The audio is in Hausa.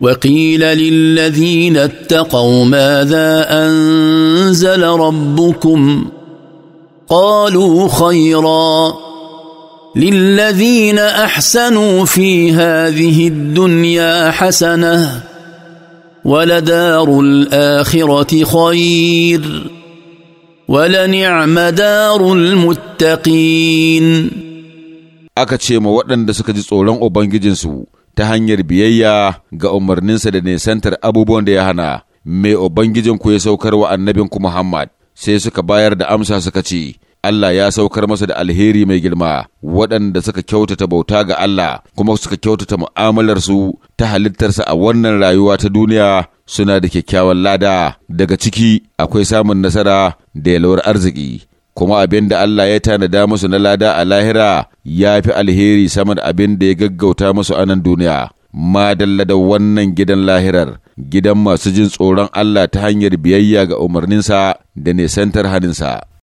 وقيل للذين اتقوا ماذا انزل ربكم قالوا خيرا للذين احسنوا في هذه الدنيا حسنه ولدار الاخره خير ولنعم دار المتقين ta hanyar biyayya ga umarninsa da nisantar abubuwan da ya hana, mai ku ya saukar wa annabinku Muhammad, sai suka bayar da amsa suka ce, Allah ya saukar masa da alheri mai girma, waɗanda suka kyautata bauta ga Allah kuma suka kyautata mu'amalarsu ta halittarsa a wannan rayuwa ta duniya suna da kyakkyawan lada daga ciki akwai samun nasara da yalwar arziki. kuma abin da Allah ya tanada musu na lada a lahira ya fi alheri sama abin da ya gaggauta musu a nan duniya. Ma da wannan gidan lahirar, gidan masu jin tsoron Allah ta hanyar biyayya ga umarninsa da nisantar haninsa.